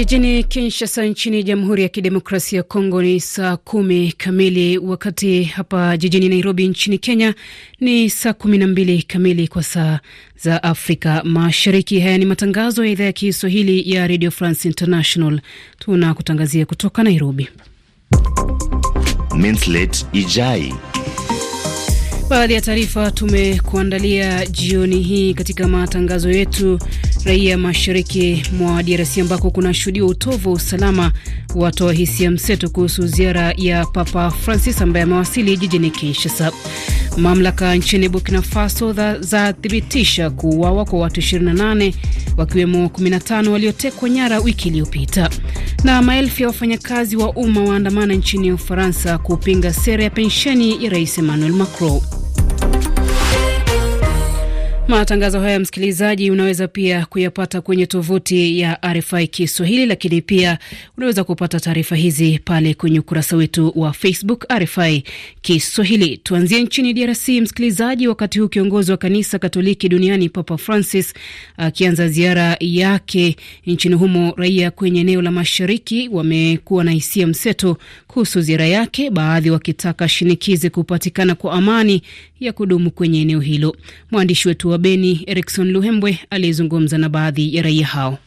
Jijini Kinshasa nchini Jamhuri ya Kidemokrasia ya Kongo ni saa kumi kamili, wakati hapa jijini Nairobi nchini Kenya ni saa kumi na mbili kamili kwa saa za Afrika Mashariki. Haya ni matangazo ya idhaa ya Kiswahili ya Radio France International, tunakutangazia kutoka Nairobi. Minslet Ijai. Baadhi ya taarifa tumekuandalia jioni hii katika matangazo yetu Raia mashariki mwa DRC ambako kunashuhudiwa utovu wa usalama watoa hisia mseto kuhusu ziara ya Papa Francis ambaye amewasili jijini Kinshasa. Mamlaka nchini Burkina Faso zathibitisha kuuawa kwa watu 28 wakiwemo 15 waliotekwa nyara wiki iliyopita. Na maelfu ya wafanyakazi wa umma waandamana nchini Ufaransa kupinga sera ya pensheni ya Rais Emmanuel Macron. Matangazo haya msikilizaji, unaweza pia kuyapata kwenye tovuti ya RFI Kiswahili, lakini pia unaweza kupata taarifa hizi pale kwenye ukurasa wetu wa Facebook RFI Kiswahili. Tuanzie nchini DRC msikilizaji, wakati huu kiongozi wa kanisa Katoliki duniani Papa Francis akianza ziara yake nchini humo, raia kwenye eneo la mashariki wamekuwa na hisia mseto kuhusu ziara yake, baadhi wakitaka shinikizi kupatikana kwa amani ya kudumu kwenye eneo hilo. Mwandishi wetu wa wa Beni Erikson Luhembwe aliyezungumza na baadhi ya raia hao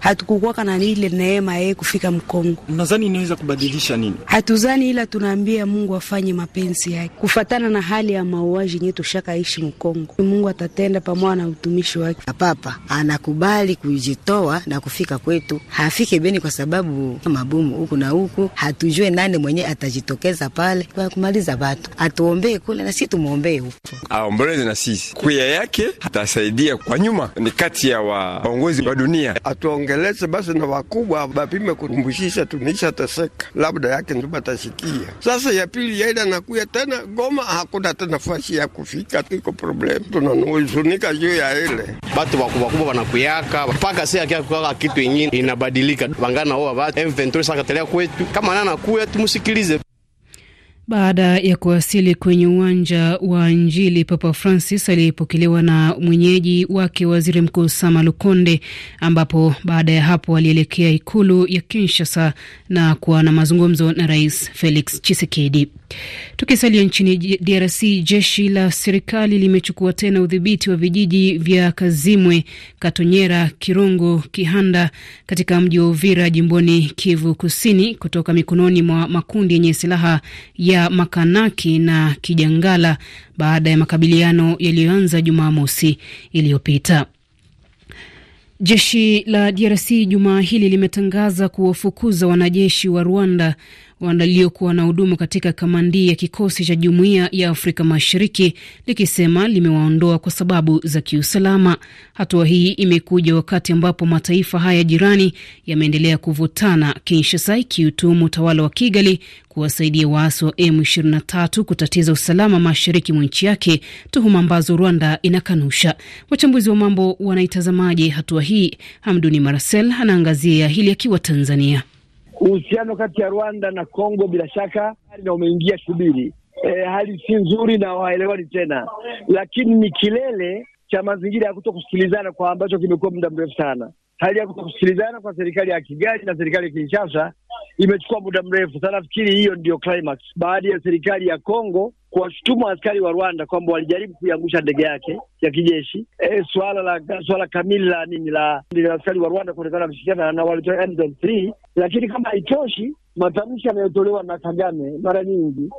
hatukukuwaka na ile neema yeye kufika Mkongo. nazani inaweza kubadilisha nini? Hatuzani, ila tunaambia Mungu afanye mapenzi yake kufatana na hali ya mauaji yenyewe tushakaishi Mkongo. Mungu atatenda pamoja na utumishi wake. Papa anakubali kujitoa na kufika kwetu, hafike Beni kwa sababu mabomu huku na huku, hatujue nani mwenye atajitokeza pale kwa kumaliza vatu. Atuombee kule na sisi tumwombee huku aombolezi na sisi kuya yake, atasaidia kwa nyuma. Ni kati ya waongozi wa dunia Atuong waongeleze basi na wakubwa wapime kurumbushisha, tumeisha teseka, labda yake ndio batashikia. Sasa ya pili yaida nakuya tena Goma, hakuna tena nafasi ya kufika, tiko problem, tunanuzunika juu ya ile batu wakubwa wakubwa wanakuyaka mpaka kia akiakaka kitu ingine inabadilika, wangana oa batu M23 sakatelea kwetu, kama nana kuya tumusikilize baada ya kuwasili kwenye uwanja wa njili Papa Francis aliyepokelewa na mwenyeji wake waziri mkuu Sama Lukonde, ambapo baada ya hapo alielekea ikulu ya Kinshasa na kuwa na mazungumzo na Rais Felix chisekedi Tukisalia nchini DRC, jeshi la serikali limechukua tena udhibiti wa vijiji vya Kazimwe, Katonyera, Kirungu, Kihanda katika mji wa Uvira jimboni Kivu Kusini kutoka mikononi mwa makundi yenye silaha ya Makanaki na Kijangala baada ya makabiliano yaliyoanza Jumamosi iliyopita. Jeshi la DRC jumaa hili limetangaza kuwafukuza wanajeshi wa Rwanda waliokuwa na hudumu katika kamandi ya kikosi cha jumuiya ya Afrika Mashariki likisema limewaondoa kwa sababu za kiusalama. Hatua hii imekuja wakati ambapo mataifa haya jirani yameendelea kuvutana, Kinshasa ikiutumu utawala wa Kigali kuwasaidia waasi wa M23 kutatiza usalama mashariki mwa nchi yake, tuhuma ambazo Rwanda inakanusha. Wachambuzi wa mambo wanaitazamaje hatua hii? Hamduni Marcel anaangazia hili akiwa Tanzania. Uhusiano kati ya Rwanda na Kongo bila shaka na umeingia shubiri. E, hali si nzuri na waelewani tena, lakini ni kilele cha mazingira ya kuto kusikilizana kwa ambacho kimekuwa muda mrefu sana. Hali ya kuto kusikilizana kwa serikali ya Kigali na serikali ya Kinshasa imechukua muda mrefu sana. Nafikiri hiyo ndiyo climax. Baada ya serikali ya Kongo kuwashutumu askari wa Rwanda kwamba walijaribu kuiangusha ndege yake ya kijeshi. E, swala la swala kamili la nini la askari wa Rwanda kuonekana kushirikiana na walitoa M23, lakini kama haitoshi matamshi yanayotolewa na Kagame mara nyingi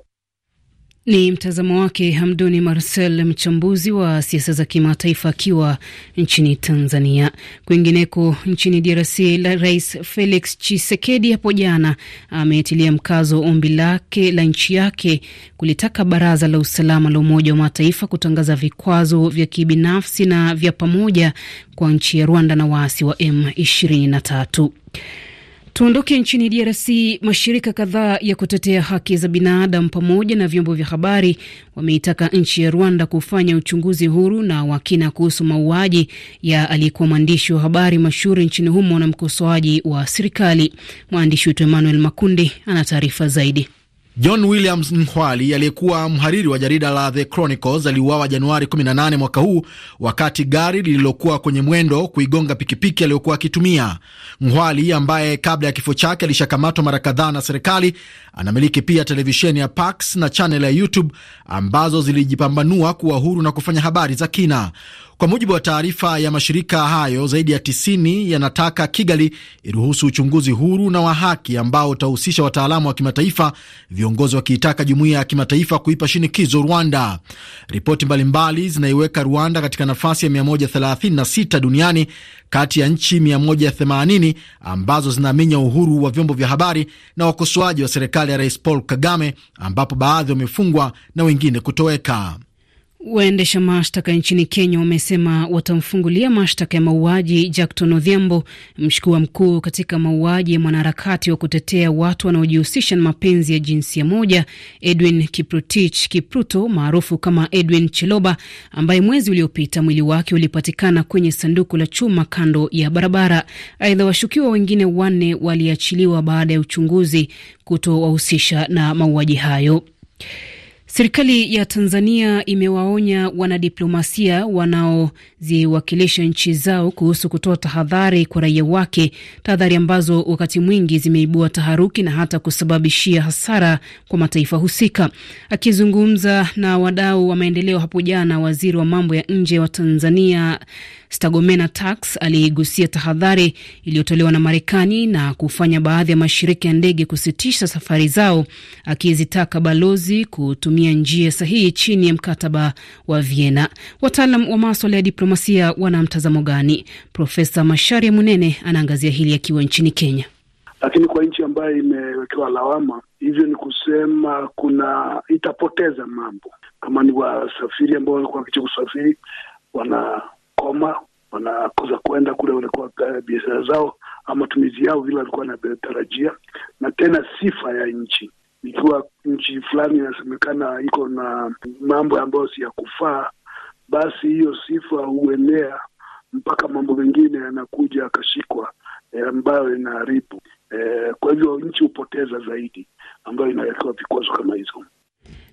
ni mtazamo wake Hamduni Marcel, mchambuzi wa siasa za kimataifa akiwa nchini Tanzania. Kwingineko nchini DRC, Rais Felix chisekedi hapo jana ametilia mkazo ombi lake la nchi yake kulitaka Baraza la Usalama la Umoja wa Mataifa kutangaza vikwazo vya kibinafsi na vya pamoja kwa nchi ya Rwanda na waasi wa M23. Tuondoke nchini DRC. Mashirika kadhaa ya kutetea haki za binadamu pamoja na vyombo vya habari wameitaka nchi ya Rwanda kufanya uchunguzi huru na wa kina kuhusu mauaji ya aliyekuwa mwandishi wa habari mashuhuri nchini humo na mkosoaji wa serikali. Mwandishi wetu Emmanuel Makundi ana taarifa zaidi. John Williams Nkwali aliyekuwa mhariri wa jarida la The Chronicles aliuawa Januari 18 mwaka huu wakati gari lililokuwa kwenye mwendo kuigonga pikipiki aliyokuwa akitumia. nhwali ambaye kabla ya kifo chake alishakamatwa mara kadhaa na serikali, anamiliki pia televisheni ya Pax na chanel ya YouTube ambazo zilijipambanua kuwa huru na kufanya habari za kina. Kwa mujibu wa taarifa ya mashirika hayo, zaidi ya 90 yanataka Kigali iruhusu uchunguzi huru na wa haki ambao utahusisha wataalamu wa kimataifa, viongozi wakiitaka jumuiya ya kimataifa kuipa shinikizo Rwanda. Ripoti mbalimbali zinaiweka Rwanda katika nafasi ya 136 duniani kati ya nchi 180 ambazo zinaminya uhuru wa vyombo vya habari na wakosoaji wa serikali ya Rais Paul Kagame, ambapo baadhi wamefungwa na wengine kutoweka. Waendesha mashtaka nchini Kenya wamesema watamfungulia mashtaka ya mauaji Jackton Odhiambo, mshukiwa mkuu katika mauaji ya mwanaharakati wa kutetea watu wanaojihusisha na mapenzi ya jinsia moja Edwin Kiprotich Kipruto maarufu kama Edwin cheloba ambaye mwezi uliopita mwili wake ulipatikana kwenye sanduku la chuma kando ya barabara. Aidha, washukiwa wengine wanne waliachiliwa baada ya uchunguzi kutowahusisha na mauaji hayo. Serikali ya Tanzania imewaonya wanadiplomasia wanaoziwakilisha nchi zao kuhusu kutoa tahadhari kwa raia wake, tahadhari ambazo wakati mwingi zimeibua taharuki na hata kusababishia hasara kwa mataifa husika. Akizungumza na wadau wa maendeleo hapo jana, waziri wa mambo ya nje wa Tanzania Stagomena Tax aliigusia tahadhari iliyotolewa na Marekani na kufanya baadhi ya mashirika ya ndege kusitisha safari zao, akizitaka balozi kutumia njia sahihi chini ya mkataba wa Vienna. Wataalam wa maswala ya diplomasia wana mtazamo gani? Profesa Masharia Munene anaangazia hili akiwa nchini Kenya. Lakini kwa nchi ambayo imewekewa lawama, hivyo ni kusema kuna itapoteza mambo, kama ni wasafiri ambao walikuwa wakicha kusafiri wana wanakoma wanakosa kwenda kule walikuwa eh, biashara zao ama matumizi yao vile walikuwa wanatarajia, na tena sifa ya nchi ikiwa nchi fulani inasemekana iko na mambo ambayo si ya kufaa, basi hiyo sifa huenea mpaka mambo mengine yanakuja akashikwa e, eh, ambayo inaharibu e, kwa hivyo nchi hupoteza zaidi ambayo inawekewa vikwazo kama hizo.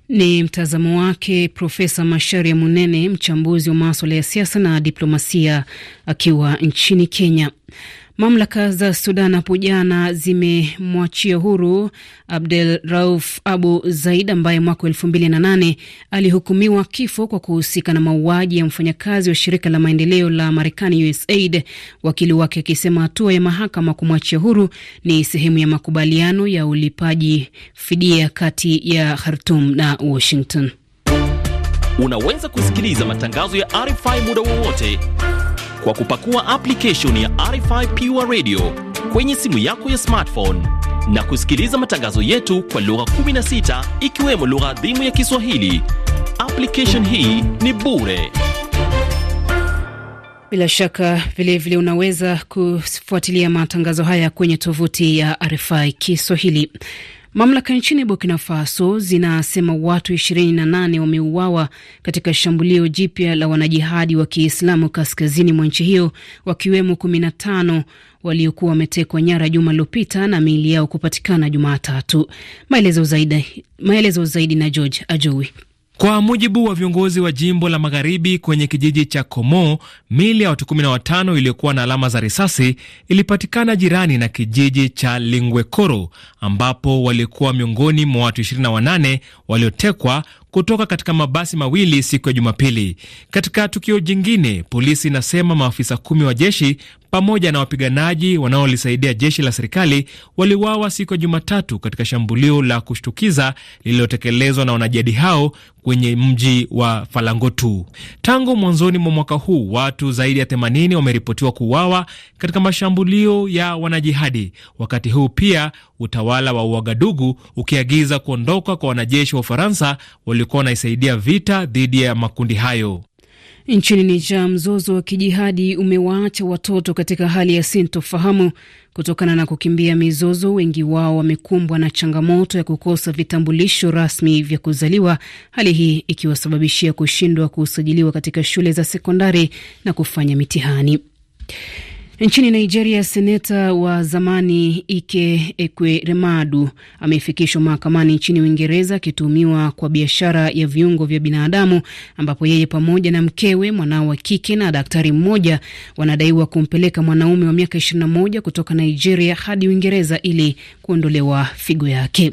Ni mtazamo wake Profesa Masharia Munene, mchambuzi wa maswala ya siasa na diplomasia, akiwa nchini Kenya. Mamlaka za Sudan hapo jana zimemwachia huru Abdel Rauf Abu Zaid ambaye mwaka elfu mbili na nane alihukumiwa kifo kwa kuhusika na mauaji ya mfanyakazi wa shirika la maendeleo la Marekani, USAID, wakili wake akisema hatua ya mahakama kumwachia huru ni sehemu ya makubaliano ya ulipaji fidia kati ya Khartum na Washington. Unaweza kusikiliza matangazo ya RFI muda wowote kwa kupakua application ya RFI Pure Radio kwenye simu yako ya smartphone na kusikiliza matangazo yetu kwa lugha 16 ikiwemo lugha adhimu ya Kiswahili. Application hii ni bure. Bila shaka vilevile vile unaweza kufuatilia matangazo haya kwenye tovuti ya RFI Kiswahili. Mamlaka nchini Burkina Faso zinasema watu 28 wameuawa katika shambulio jipya la wanajihadi wa Kiislamu kaskazini mwa nchi hiyo, wakiwemo 15 waliokuwa wametekwa nyara juma lililopita na miili yao kupatikana Jumatatu. Maelezo zaidi, maelezo zaidi na George Ajowi. Kwa mujibu wa viongozi wa jimbo la magharibi kwenye kijiji cha Komo, mili ya watu 15 iliyokuwa na alama za risasi ilipatikana jirani na kijiji cha Lingwekoro ambapo walikuwa miongoni mwa watu 28 waliotekwa kutoka katika mabasi mawili siku ya Jumapili. Katika tukio jingine, polisi inasema maafisa kumi wa jeshi pamoja na wapiganaji wanaolisaidia jeshi la serikali waliuawa siku ya Jumatatu katika shambulio la kushtukiza lililotekelezwa na wanajihadi hao kwenye mji wa Falangotu. Tangu mwanzoni mwa mwaka huu watu zaidi ya 80 wameripotiwa kuuawa katika mashambulio ya wanajihadi, wakati huu pia utawala wa Uagadugu ukiagiza kuondoka kwa wanajeshi wa Ufaransa wali ilikuwa unaisaidia vita dhidi ya makundi hayo. Nchini Niger, mzozo wa kijihadi umewaacha watoto katika hali ya sintofahamu kutokana na kukimbia mizozo. Wengi wao wamekumbwa na changamoto ya kukosa vitambulisho rasmi vya kuzaliwa, hali hii ikiwasababishia kushindwa kusajiliwa katika shule za sekondari na kufanya mitihani. Nchini Nigeria, seneta wa zamani Ike Ekweremadu amefikishwa mahakamani nchini Uingereza akituhumiwa kwa biashara ya viungo vya binadamu, ambapo yeye pamoja na mkewe, mwanao wa kike na daktari mmoja wanadaiwa kumpeleka mwanaume wa miaka 21 kutoka Nigeria hadi Uingereza ili kuondolewa figo yake.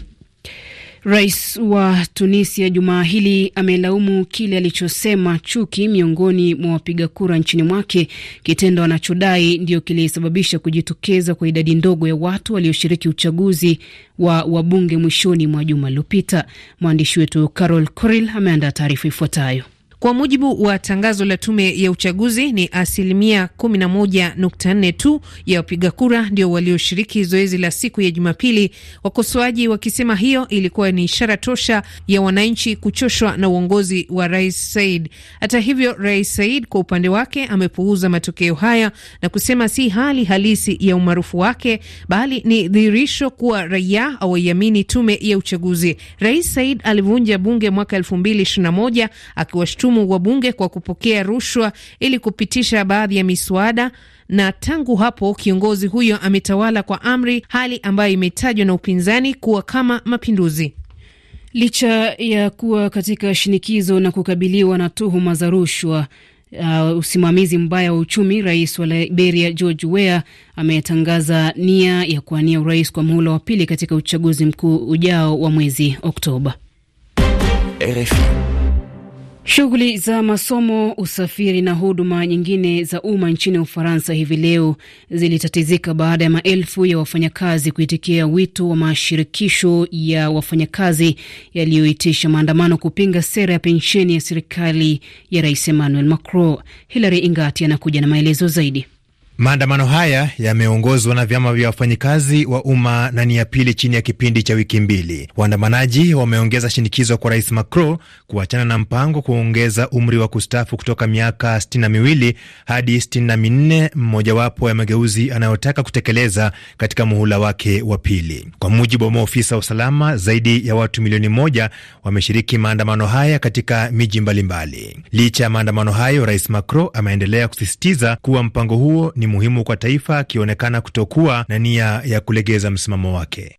Rais wa Tunisia jumaa hili amelaumu kile alichosema chuki miongoni mwa wapiga kura nchini mwake, kitendo anachodai ndio kilisababisha kujitokeza kwa idadi ndogo ya watu walioshiriki uchaguzi wa wabunge mwishoni mwa juma lililopita. Mwandishi wetu Carol Coril ameandaa taarifa ifuatayo. Kwa mujibu wa tangazo la tume ya uchaguzi, ni asilimia 11.4 tu ya wapiga kura ndio walioshiriki zoezi la siku ya Jumapili, wakosoaji wakisema hiyo ilikuwa ni ishara tosha ya wananchi kuchoshwa na uongozi wa Rais Said. Hata hivyo, Rais Said kwa upande wake amepuuza matokeo haya na kusema si hali halisi ya umaarufu wake, bali ni dhihirisho kuwa raia hawaiamini tume ya uchaguzi. Rais Said alivunja bunge mwaka 2021 akiwashtumu wa wabunge kwa kupokea rushwa ili kupitisha baadhi ya miswada, na tangu hapo kiongozi huyo ametawala kwa amri, hali ambayo imetajwa na upinzani kuwa kama mapinduzi. Licha ya kuwa katika shinikizo na kukabiliwa na tuhuma za rushwa Uh, usimamizi mbaya wa uchumi, rais wa Liberia George Weah ametangaza nia ya kuwania urais kwa muhula wa pili katika uchaguzi mkuu ujao wa mwezi Oktoba. RFI Shughuli za masomo, usafiri na huduma nyingine za umma nchini Ufaransa hivi leo zilitatizika baada ya maelfu ya wafanyakazi kuitikia wito wa mashirikisho ya wafanyakazi yaliyoitisha maandamano kupinga sera ya pensheni ya serikali ya Rais Emmanuel Macron. Hilary Ingati anakuja na maelezo zaidi. Maandamano haya yameongozwa na vyama vya wafanyikazi wa umma na ni ya pili chini ya kipindi cha wiki mbili. Waandamanaji wameongeza shinikizo kwa Rais Macron kuachana na mpango kuongeza umri wa kustaafu kutoka miaka sitini na miwili hadi sitini na minne, mmojawapo ya mageuzi anayotaka kutekeleza katika muhula wake wa pili. Kwa mujibu wa maofisa wa usalama, zaidi ya watu milioni moja wameshiriki maandamano haya katika miji mbalimbali. Licha ya maandamano hayo, Rais Macron ameendelea kusisitiza kuwa mpango huo ni muhimu kwa taifa, akionekana kutokuwa na nia ya kulegeza msimamo wake.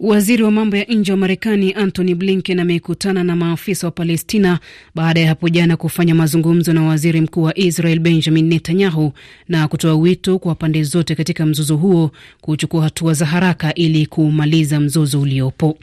Waziri wa mambo ya nje wa Marekani Antony Blinken amekutana na maafisa wa Palestina baada ya hapo jana kufanya mazungumzo na waziri mkuu wa Israel Benjamin Netanyahu na kutoa wito kwa pande zote katika mzozo huo kuchukua hatua za haraka ili kumaliza mzozo uliopo.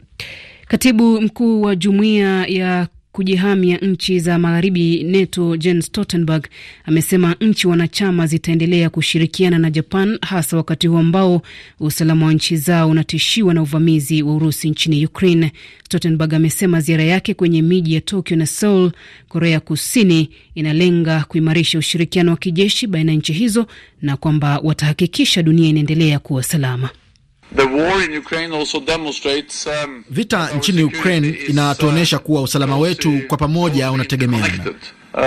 Katibu mkuu wa jumuiya ya ya nchi za magharibi NATO Jens Stoltenberg amesema nchi wanachama zitaendelea kushirikiana na Japan, hasa wakati huu ambao usalama wa nchi zao unatishiwa na uvamizi wa Urusi nchini Ukraine. Stoltenberg amesema ziara yake kwenye miji ya Tokyo na Seoul, Korea Kusini, inalenga kuimarisha ushirikiano wa kijeshi baina ya nchi hizo na kwamba watahakikisha dunia inaendelea kuwa salama. Um, Vita nchini Ukraine uh, inatuonyesha kuwa usalama wetu kwa pamoja unategemeana. Uh,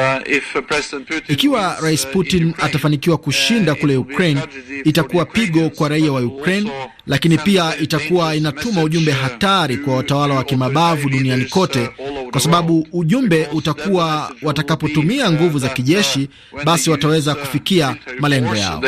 uh, Ikiwa Rais Putin atafanikiwa kushinda kule Ukraine, itakuwa pigo kwa raia wa Ukraine, lakini pia itakuwa inatuma ujumbe hatari kwa watawala wa kimabavu duniani kote, kwa sababu ujumbe utakuwa watakapotumia nguvu za kijeshi, basi wataweza kufikia malengo yao.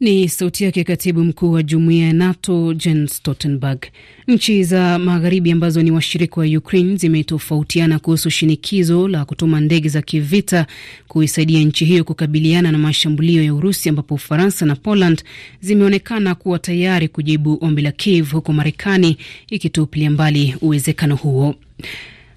Ni sauti yake katibu mkuu wa jumuiya ya NATO Jens Stoltenberg. Nchi za magharibi ambazo ni washirika wa Ukraine zimetofautiana kuhusu shinikizo la kutuma ndege za kivita kuisaidia nchi hiyo kukabiliana na mashambulio ya Urusi, ambapo Ufaransa na Poland zimeonekana kuwa tayari kujibu ombi la Kiev, huku Marekani ikitupilia mbali uwezekano huo.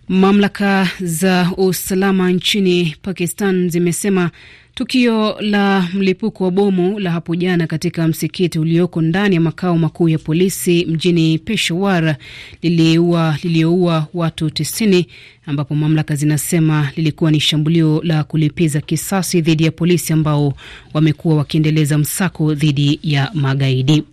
Mamlaka za usalama nchini Pakistan zimesema tukio la mlipuko wa bomu la hapo jana katika msikiti ulioko ndani ya makao makuu ya polisi mjini Peshawar liliua lilioua watu 90 ambapo mamlaka zinasema lilikuwa ni shambulio la kulipiza kisasi dhidi ya polisi ambao wamekuwa wakiendeleza msako dhidi ya magaidi.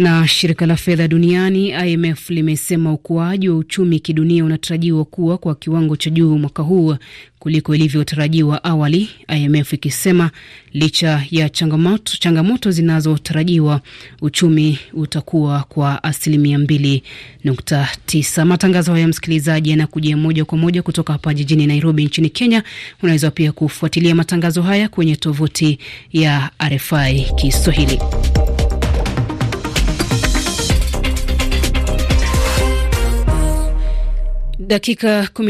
Na shirika la fedha duniani IMF limesema ukuaji wa uchumi kidunia unatarajiwa kuwa kwa kiwango cha juu mwaka huu kuliko ilivyotarajiwa awali, IMF ikisema licha ya changamoto, changamoto zinazotarajiwa uchumi utakuwa kwa asilimia 2.9. Matangazo haya msikilizaji, yanakujia moja kwa moja kutoka hapa jijini Nairobi nchini Kenya. Unaweza pia kufuatilia matangazo haya kwenye tovuti ya RFI Kiswahili. daqui Dakika